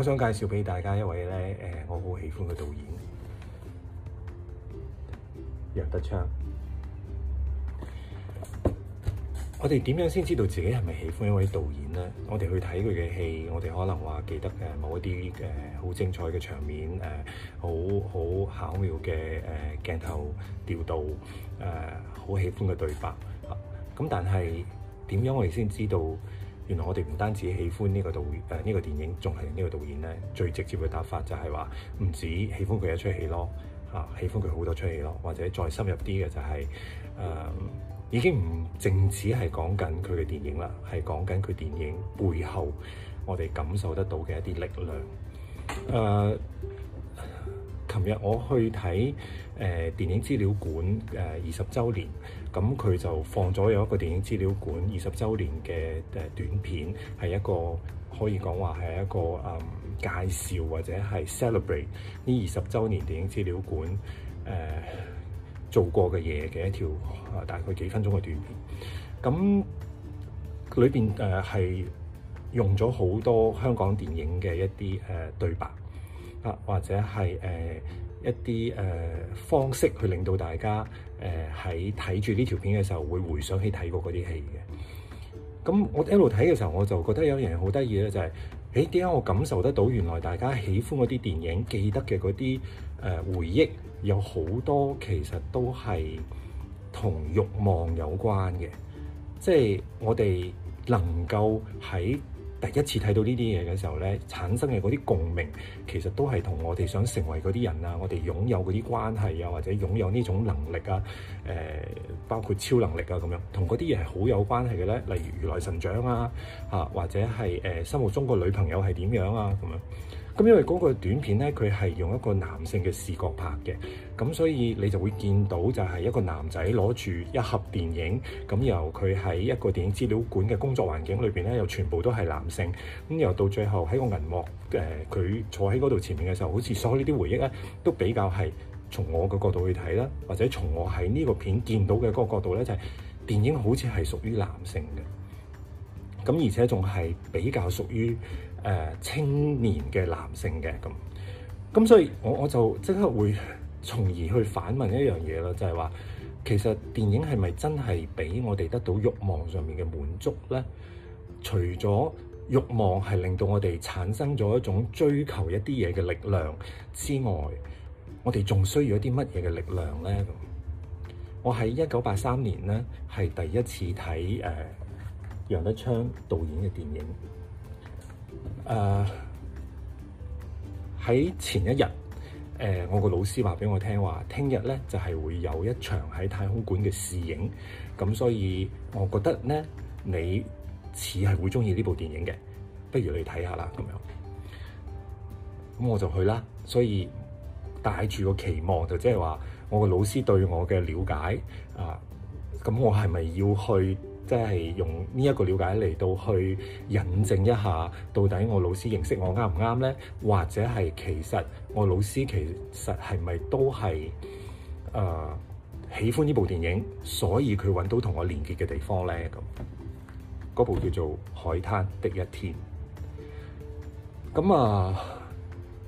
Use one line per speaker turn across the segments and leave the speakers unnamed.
我想介紹俾大家一位咧，誒，我好喜歡嘅導演楊德昌。我哋點樣先知道自己係咪喜歡一位導演咧？我哋去睇佢嘅戲，我哋可能話記得嘅某一啲誒好精彩嘅場面，誒好好巧妙嘅誒鏡頭調度，誒好喜歡嘅對白。咁但係點樣我哋先知道？原來我哋唔單止喜歡呢個導誒、呢、呃這個電影，仲係呢個導演咧。最直接嘅答法就係話，唔止喜歡佢一出戲咯，嚇、啊、喜歡佢好多出戲咯。或者再深入啲嘅就係、是、誒、呃，已經唔淨止係講緊佢嘅電影啦，係講緊佢電影背後我哋感受得到嘅一啲力量誒。呃琴日我去睇誒、呃、電影資料館誒二十周年，咁、呃、佢就放咗有一個電影資料館二十周年嘅誒短片，係一個可以講話係一個誒、嗯、介紹、或者係 celebrate 呢二十周年電影資料館誒、呃、做過嘅嘢嘅一條誒大概幾分鐘嘅短片，咁、嗯、裏邊誒係用咗好多香港電影嘅一啲誒、呃、對白。啊，或者係誒、呃、一啲誒、呃、方式去令到大家誒喺睇住呢條片嘅時候會回想起睇過嗰啲戲嘅。咁我一路睇嘅時候，我就覺得有樣嘢好得意咧，就係誒點解我感受得到原來大家喜歡嗰啲電影記得嘅嗰啲誒回憶，有好多其實都係同慾望有關嘅。即係我哋能夠喺第一次睇到呢啲嘢嘅時候咧，產生嘅嗰啲共鳴，其實都係同我哋想成為嗰啲人啊，我哋擁有嗰啲關係啊，或者擁有呢種能力啊，誒、呃，包括超能力啊咁樣，同嗰啲嘢係好有關係嘅咧，例如如來神掌啊，嚇、啊，或者係誒心目中個女朋友係點樣啊咁樣。咁因為嗰個短片咧，佢係用一個男性嘅視角拍嘅，咁所以你就會見到就係一個男仔攞住一盒電影，咁由佢喺一個電影資料館嘅工作環境裏邊咧，又全部都係男性，咁又到最後喺個銀幕誒，佢、呃、坐喺嗰度前面嘅時候，好似所有呢啲回憶咧，都比較係從我嘅角度去睇啦，或者從我喺呢個片見到嘅嗰個角度咧，就係、是、電影好似係屬於男性嘅，咁而且仲係比較屬於。誒青年嘅男性嘅咁，咁所以我，我我就即刻會從而去反問一樣嘢咯，就係話，其實電影係咪真係俾我哋得到欲望上面嘅滿足咧？除咗欲望係令到我哋產生咗一種追求一啲嘢嘅力量之外，我哋仲需要一啲乜嘢嘅力量咧？咁，我喺一九八三年咧，係第一次睇誒楊德昌導演嘅電影。誒喺、uh, 前一日，誒、呃、我個老師話俾我聽話，聽日咧就係、是、會有一場喺太空館嘅試映。咁所以我覺得咧，你似係會中意呢部電影嘅，不如你睇下啦，咁樣。咁我就去啦，所以帶住個期望就即係話，我個老師對我嘅了解啊，咁、呃、我係咪要去？即係用呢一個了解嚟到去引證一下，到底我老師認識我啱唔啱咧？或者係其實我老師其實係咪都係誒、呃、喜歡呢部電影，所以佢搵到同我連結嘅地方咧？咁嗰部叫做《海灘的一天》。咁啊，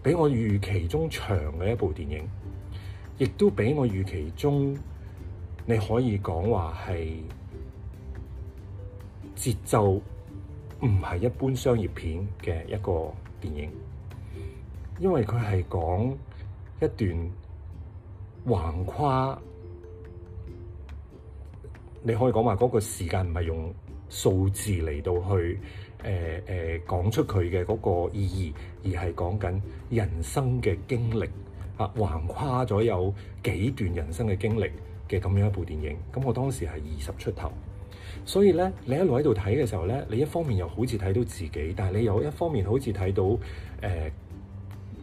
比我預期中長嘅一部電影，亦都比我預期中，你可以講話係。節奏唔係一般商業片嘅一個電影，因為佢係講一段橫跨，你可以講話嗰個時間唔係用數字嚟到去誒誒、呃呃、講出佢嘅嗰個意義，而係講緊人生嘅經歷啊，橫跨咗有幾段人生嘅經歷嘅咁樣一部電影。咁我當時係二十出頭。所以咧，你一路喺度睇嘅時候咧，你一方面又好似睇到自己，但係你又一方面好似睇到誒、呃，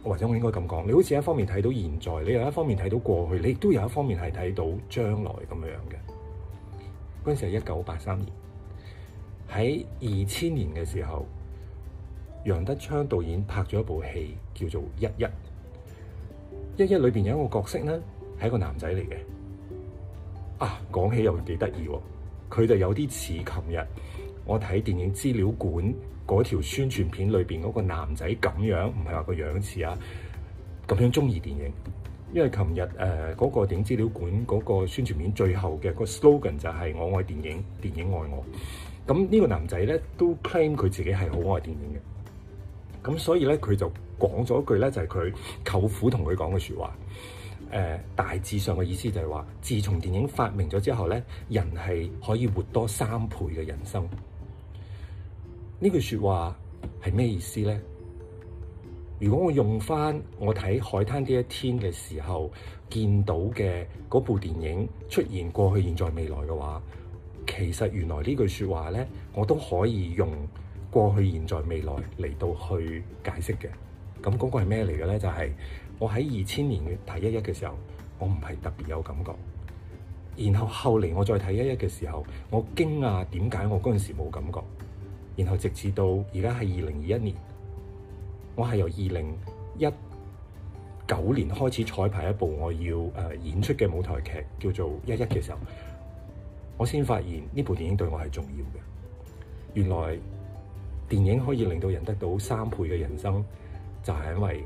或者我應該咁講，你好似一方面睇到現在，你又一方面睇到過去，你亦都有一方面係睇到將來咁樣嘅。嗰陣時係一九八三年，喺二千年嘅時候，楊德昌導演拍咗一部戲，叫做《一一》。《一一》裏邊有一個角色咧，係一個男仔嚟嘅。啊，講起又幾得意喎！佢就有啲似琴日，我睇電影資料館嗰條宣傳片裏邊嗰個男仔咁樣，唔係話個樣似啊，咁樣中意電影。因為琴日誒嗰個電影資料館嗰個宣傳片最後嘅個 slogan 就係我愛電影，電影愛我。咁呢個男仔咧都 claim 佢自己係好愛電影嘅。咁所以咧，佢就講咗一句咧就係、是、佢舅父同佢講嘅說話。誒、呃、大致上嘅意思就係話，自從電影發明咗之後咧，人係可以活多三倍嘅人生。呢句説話係咩意思呢？如果我用翻我睇《海灘》呢一天嘅時候見到嘅嗰部電影出現過去、現在、未來嘅話，其實原來呢句説話咧，我都可以用過去、現在、未來嚟到去解釋嘅。咁、那、嗰個係咩嚟嘅咧？就係、是。我喺二千年嘅睇《一一》嘅時候，我唔係特別有感覺。然後後嚟我再睇《一一》嘅時候，我驚訝！點解我嗰陣時冇感覺？然後直至到而家係二零二一年，我係由二零一九年開始彩排一部我要誒演出嘅舞台劇，叫做《一一》嘅時候，我先發現呢部電影對我係重要嘅。原來電影可以令到人得到三倍嘅人生，就係因為，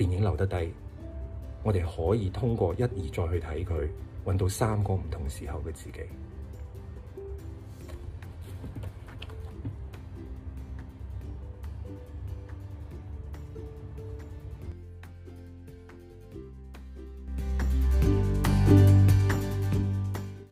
電影留得低，我哋可以通過一而再去睇佢，揾到三個唔同時候嘅自己。